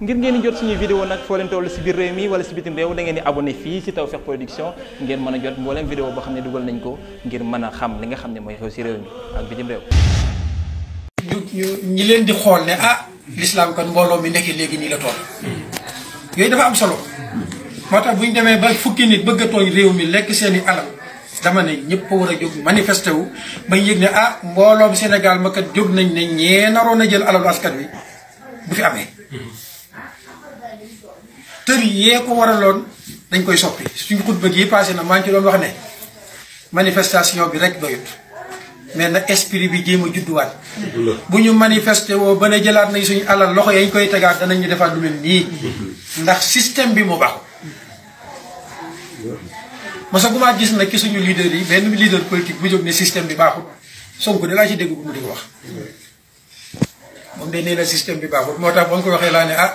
ngir ngeen di jot suñuy vidéo nag foo leen toll si biir réew mi wala si bitim réew da ngeen di abonné fii si Tawfekh Production ngeen mën a jot mbooleem vidéo boo xam ne nañ ko ngir mën a xam li nga xam ne mooy xew si réew mi ak bitim ñi leen di xool ne ah l'islam kon mbooloo mi nekk léegi nii la toll yooyu dafa am solo moo tax bu ñu demee ba fukki nit bëgg a tooñ réew mi lekk seen i alal dama ne ñëpp war a jóg manifesté wu ba ñu yëg ne ah mbooloom Sénégal ma kat jóg nañ ne ñee naroon a jël alalu askan wi bu fi amee tër yee ko waraloon dañ koy soppi suñ xutba gi passé na maa ngi ci doon wax ne manifestation bi rek doyut mais na esprit bi jéem a judduwaat bu ñu manifesté woo ba ne jëlaat nañ suñu alal loxo yañ koy tegaat danañ ñu defaat lu mel nii ndax système bi mu baax masagumaa gis na ki suñu leader yi benn leader politique bu jóg ne système bi baaxul Sonko da laa ci dégg bu mu di ko wax moom de nee na système bi baaxul moo tax ba nga ko waxee laa ne ah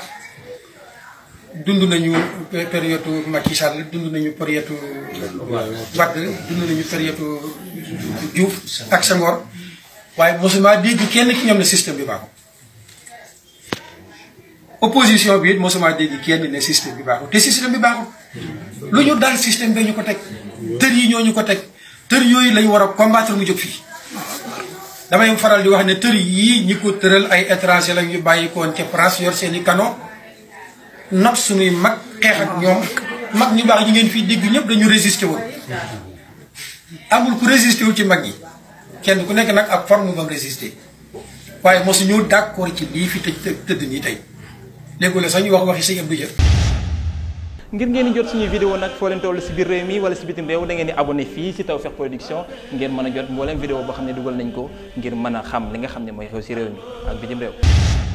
dund nañu période Macky Sall dund nañu période Wade dund nañu période Diouf ak Senghor waaye mosuma dégg kenn ki ñoom ne système bi baaxul opposition bii it mosuma dégg kenn ne système bi baaxul te système bi baaxul lu ñu daal système bee ñu ko teg tër yi ñoo ñu ko teg tër yooyu lañu war a combattre mu jóg fii damay faral di wax ne tër yii ñi ko tëral ay étranger la ñu bàyyi koon ca France yor seen i kano not suñuy mag xeex ak ñoom mag ñu baax ñu ngeen fii dégg ñëpp dañu résister woon amul ku résister wu ci mag yi kenn ku nekk nag ak forme bam résister waaye moo mosu ñu d'accord ci lii fi tëj tëdd nii tey léegi la sax ñu wax waxi sëñ bu Dia ngir ngeen di jot suñu vidéo nag foo leen si biir réew mi wala si bitim réew da ngeen di abonné fii si Tawfekh Production ngeen mën a jot mbooleem vidéo boo xam ne dugal nañ ko ngir mën a xam li nga xam ne mooy xew si réew mi ak bitim